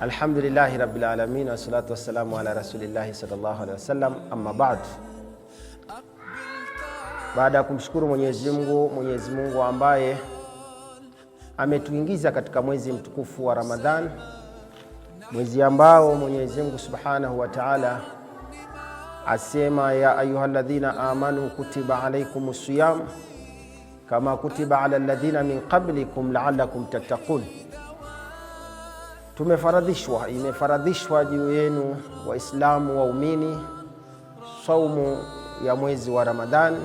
alhamdulilahi rabilalamin wasalatu wassalamu ala rasulillahi sallallahu alehi wasallam, amma baad. Baada ya kumshukuru Mwenyezi mwenyezimungu ambaye ametuingiza katika mwezi mtukufu wa Ramadhan, mwezi ambao Mwenyezi Mungu Subhanahu wa Ta'ala asema, ya ayyuhalladhina amanu kutiba alaykumus siyam kama kutiba ala alladhina min qablikum la'allakum tattaqun. Tumefaradhishwa, imefaradhishwa juu yenu Waislamu waumini saumu ya mwezi wa Ramadhani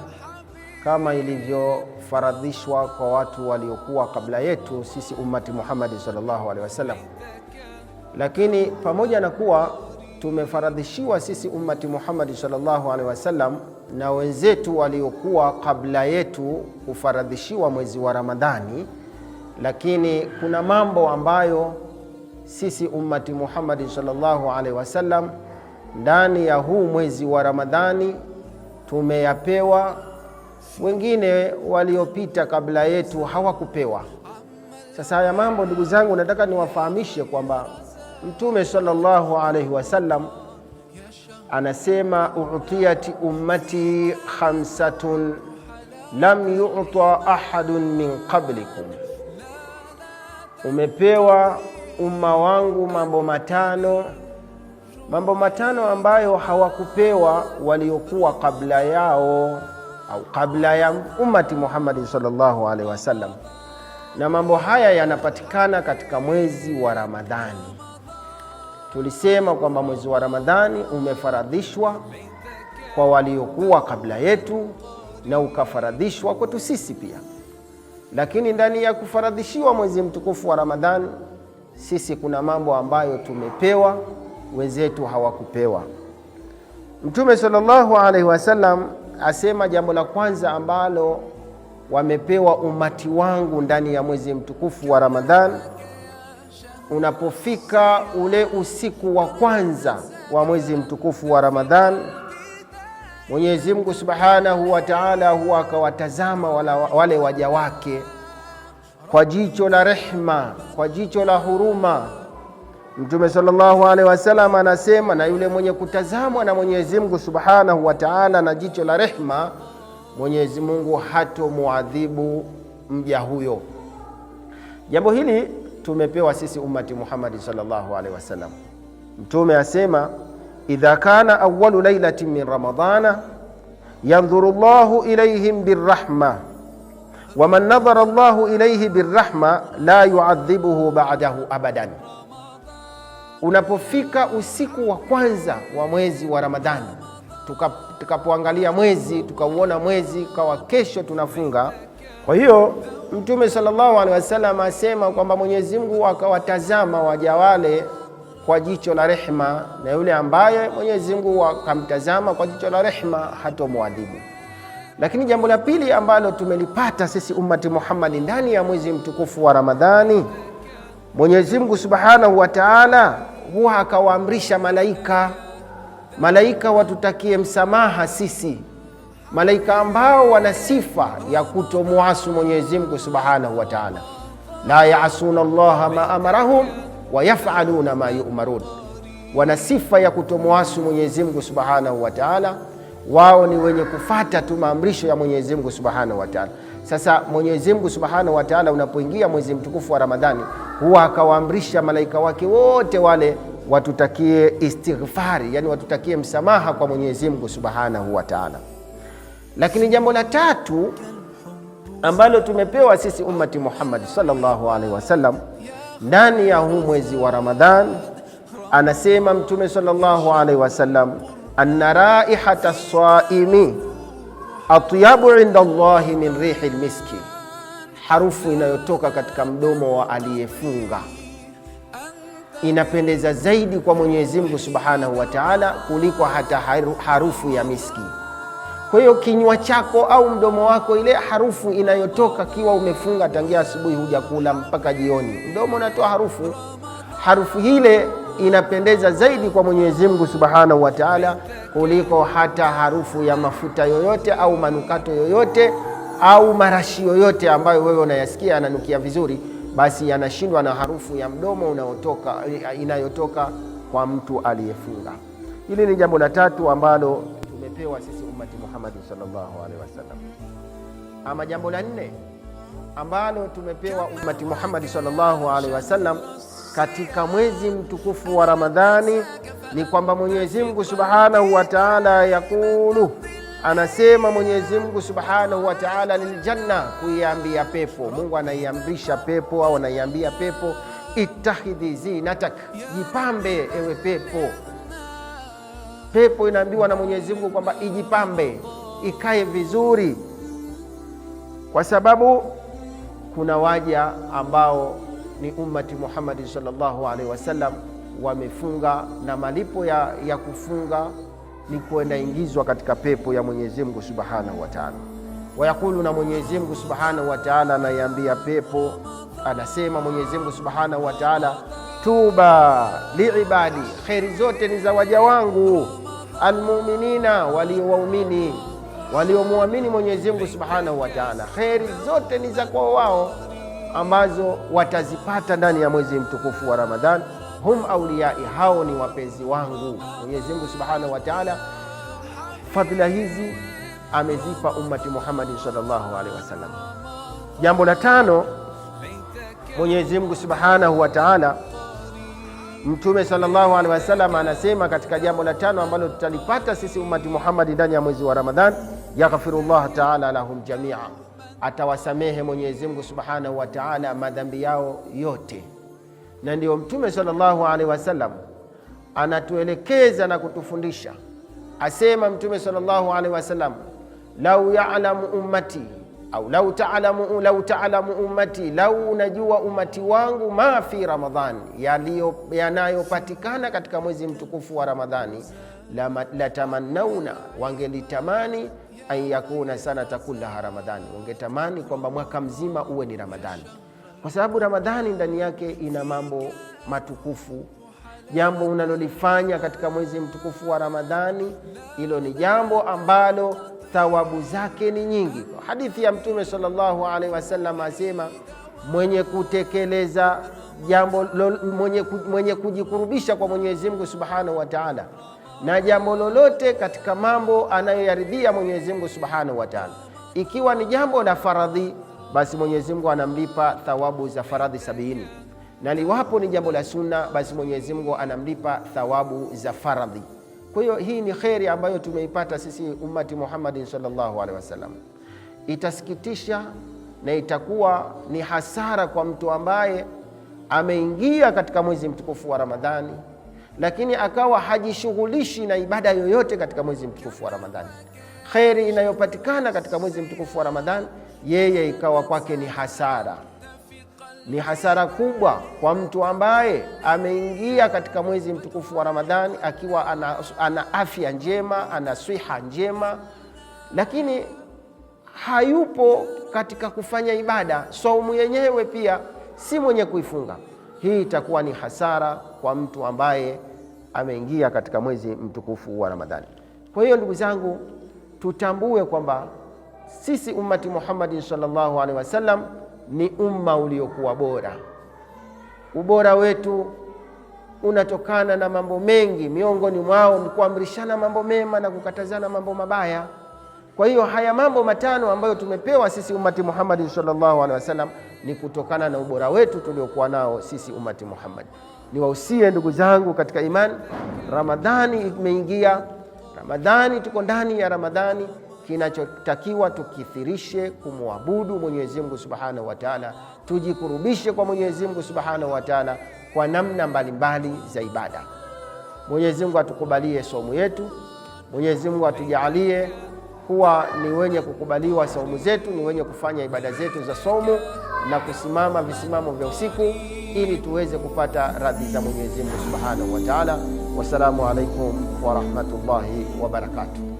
kama ilivyofaradhishwa kwa watu waliokuwa kabla yetu sisi ummati Muhammad sallallahu alaihi wasallam. Lakini pamoja na kuwa tumefaradhishiwa sisi ummati Muhammad sallallahu alaihi wasallam na wenzetu waliokuwa kabla yetu kufaradhishiwa mwezi wa Ramadhani, lakini kuna mambo ambayo sisi ummati Muhammad sallallahu alaihi wasallam ndani ya huu mwezi wa Ramadhani tumeyapewa wengine waliopita kabla yetu hawakupewa. Sasa haya mambo ndugu zangu, nataka niwafahamishe kwamba Mtume sallallahu alaihi wasallam anasema utiyati ummati khamsatun lam yuta ahadun min qablikum, umepewa umma wangu mambo matano, mambo matano ambayo hawakupewa waliokuwa kabla yao au kabla ya ummati Muhammadi sallallahu alaihi wasallam, na mambo haya yanapatikana katika mwezi wa Ramadhani. Tulisema kwamba mwezi wa Ramadhani umefaradhishwa kwa waliokuwa kabla yetu na ukafaradhishwa kwetu sisi pia, lakini ndani ya kufaradhishiwa mwezi mtukufu wa Ramadhani sisi kuna mambo ambayo tumepewa, wenzetu hawakupewa. Mtume sallallahu alaihi wasallam asema jambo la kwanza ambalo wamepewa umati wangu ndani ya mwezi mtukufu wa Ramadhan, unapofika ule usiku wa kwanza wa mwezi mtukufu wa Ramadhan, Mwenyezi Mungu Subhanahu wa Ta'ala huwa akawatazama wale waja wake kwa jicho la rehma, kwa jicho la huruma Mtume sallallahu alaihi wasallam anasema, na yule mwenye kutazamwa na Mwenyezi Mungu subhanahu wa taala na jicho la rehma, Mwenyezi Mungu hatomuadhibu mja huyo. Jambo hili tumepewa sisi ummati Muhammad sallallahu alaihi wasallam. Mtume asema, idha kana awwalu lailatin min ramadana yandhuru llahu ilaihim birrahma waman nadhara llahu ilaihi birrahma la yuadhibuhu ba'dahu abadan unapofika usiku wa kwanza wa mwezi wa Ramadhani, tukapoangalia tuka mwezi tukauona mwezi kawa kesho tunafunga. Kwa hiyo Mtume sallallahu alaihi wasallam asema kwamba Mwenyezi Mungu akawatazama waja wale kwa jicho la rehma, na yule ambaye Mwenyezi Mungu akamtazama kwa jicho la rehma hatomwadhibu. Lakini jambo la pili ambalo tumelipata sisi ummati Muhammadi ndani ya mwezi mtukufu wa Ramadhani, Mwenyezi Mungu subhanahu wa taala huwa akawaamrisha malaika, malaika watutakie msamaha sisi, malaika ambao wana sifa ya kutomwasu Mwenyezi Mungu subhanahu wa taala, la yaasuna llaha ma amarahum wa yafaluna ma yumarun, wana sifa ya kutomwasu Mwenyezi Mungu subhanahu wa taala. Wao ni wenye kufata tu maamrisho ya Mwenyezi Mungu subhanahu wa taala. Sasa Mwenyezi Mungu Subhanahu wa Ta'ala, unapoingia mwezi mtukufu wa Ramadhani, huwa akawaamrisha malaika wake wote wale watutakie istighfari, yani watutakie msamaha kwa Mwenyezi Mungu Subhanahu wa Ta'ala. Lakini jambo la tatu ambalo tumepewa sisi ummati Muhammad sallallahu alaihi wasallam ndani ya huu mwezi wa Ramadhan, anasema Mtume sallallahu alaihi wasallam, anna raihata saimi atyabu inda llahi min rihi lmiski, harufu inayotoka katika mdomo wa aliyefunga inapendeza zaidi kwa Mwenyezi Mungu subhanahu wa taala kuliko hata harufu ya miski. Kwa hiyo kinywa chako au mdomo wako, ile harufu inayotoka kiwa umefunga tangia asubuhi hujakula mpaka jioni, mdomo unatoa harufu. Harufu ile inapendeza zaidi kwa Mwenyezi Mungu subhanahu wa taala kuliko hata harufu ya mafuta yoyote au manukato yoyote au marashi yoyote ambayo wewe unayasikia yananukia vizuri, basi yanashindwa na harufu ya mdomo unaotoka inayotoka kwa mtu aliyefunga. Hili ni jambo la tatu ambalo tumepewa sisi ummati Muhammad sallallahu alaihi wasallam. Ama jambo la nne ambalo tumepewa ummati Muhammad sallallahu alaihi wasallam katika mwezi mtukufu wa Ramadhani ni kwamba Mwenyezi Mungu Subhanahu wa Ta'ala yakulu, anasema Mwenyezi Mungu Subhanahu wa Ta'ala liljanna, kuiambia pepo. Mungu anaiamrisha pepo au anaiambia pepo, ittahidhi zinatak, jipambe ewe pepo. Pepo inaambiwa na Mwenyezi Mungu kwamba ijipambe, ikae vizuri, kwa sababu kuna waja ambao ni ummati Muhammadi sallallahu alaihi wasallam wamefunga, na malipo ya, ya kufunga ni kwenda ingizwa katika pepo ya Mwenyezi Mungu subhanahu wa taala. Wayakulu, na Mwenyezi Mungu subhanahu wa taala anaiambia pepo, anasema Mwenyezi Mungu subhanahu wa taala, tuba liibadi, kheri zote ni za waja wangu almuminina, waliowaumini waliomwamini Mwenyezi Mungu subhanahu wa taala, kheri zote ni za kwao wao ambazo watazipata ndani ya mwezi mtukufu wa Ramadhan. Hum auliyai, hao ni wapenzi wangu. Mwenyezi Mungu Subhanahu wa Ta'ala fadhila hizi amezipa ummati muhammadi sallallahu alaihi wasallam. Jambo la tano, Mwenyezi Mungu Subhanahu wa Ta'ala, Mtume sallallahu alaihi wasallam anasema katika jambo la tano ambalo tutalipata sisi ummati Muhammadi ndani ya mwezi wa Ramadhan, yaghfirullah ta'ala lahum jami'a atawasamehe Mwenyezi Mungu Subhanahu wa Ta'ala madhambi yao yote. Na ndiyo Mtume sallallahu alaihi wasallam anatuelekeza na kutufundisha, asema Mtume sallallahu alaihi wasallam, lau ya'lamu ummati au lau ta'lamu lau ta'lamu ummati, lau unajua ummati wangu ma fi Ramadhan, yanayopatikana katika mwezi mtukufu wa Ramadhani latamannauna, wangelitamani an yakuna sanata kullaha Ramadhani, wangetamani kwamba mwaka mzima uwe ni Ramadhani, kwa sababu Ramadhani ndani yake ina mambo matukufu. Jambo unalolifanya katika mwezi mtukufu wa Ramadhani, hilo ni jambo ambalo thawabu zake ni nyingi. Hadithi ya Mtume sallallahu alaihi wasallam asema, mwenye kutekeleza jambo mwenye, mwenye kujikurubisha kwa Mwenyezi Mungu subhanahu wa taala na jambo lolote katika mambo anayoyaridhia Mwenyezi Mungu Subhanahu wa Ta'ala. Ikiwa ni jambo la faradhi, basi Mwenyezi Mungu anamlipa thawabu za faradhi sabini, na liwapo ni jambo la sunna, basi Mwenyezi Mungu anamlipa thawabu za faradhi. Kwa hiyo hii ni kheri ambayo tumeipata sisi ummati Muhammadin sallallahu alaihi wasallam. Itasikitisha na itakuwa ni hasara kwa mtu ambaye ameingia katika mwezi mtukufu wa Ramadhani lakini akawa hajishughulishi na ibada yoyote katika mwezi mtukufu wa Ramadhani, kheri inayopatikana katika mwezi mtukufu wa Ramadhani yeye ikawa kwake ni hasara, ni hasara kubwa kwa mtu ambaye ameingia katika mwezi mtukufu wa Ramadhani akiwa ana, ana afya njema, ana swiha njema, lakini hayupo katika kufanya ibada. Saumu yenyewe pia si mwenye kuifunga. Hii itakuwa ni hasara kwa mtu ambaye ameingia katika mwezi mtukufu wa Ramadhani. Kwa hiyo ndugu zangu, tutambue kwamba sisi ummati Muhammadin sallallahu alaihi wasallam ni umma uliokuwa bora. Ubora wetu unatokana na mambo mengi, miongoni mwao ni kuamrishana mambo mema na kukatazana mambo mabaya. Kwa hiyo haya mambo matano ambayo tumepewa sisi ummati muhammadi sallallahu alaihi wasallam ni kutokana na ubora wetu tuliokuwa nao sisi ummati Muhammad niwahusie ndugu zangu katika imani, Ramadhani imeingia. Ramadhani, tuko ndani ya Ramadhani. Kinachotakiwa tukithirishe kumwabudu Mwenyezi Mungu Subhanahu wa Ta'ala, tujikurubishe kwa Mwenyezi Mungu Subhanahu wa Ta'ala kwa namna mbalimbali za ibada. Mwenyezi Mungu atukubalie somo yetu. Mwenyezi Mungu atujaalie kuwa ni wenye kukubaliwa saumu zetu, ni wenye kufanya ibada zetu za saumu na kusimama visimamo vya usiku, ili tuweze kupata radhi za Mwenyezi Mungu Subhanahu wa Ta'ala. Wassalamu alaikum wa rahmatullahi wa barakatuh.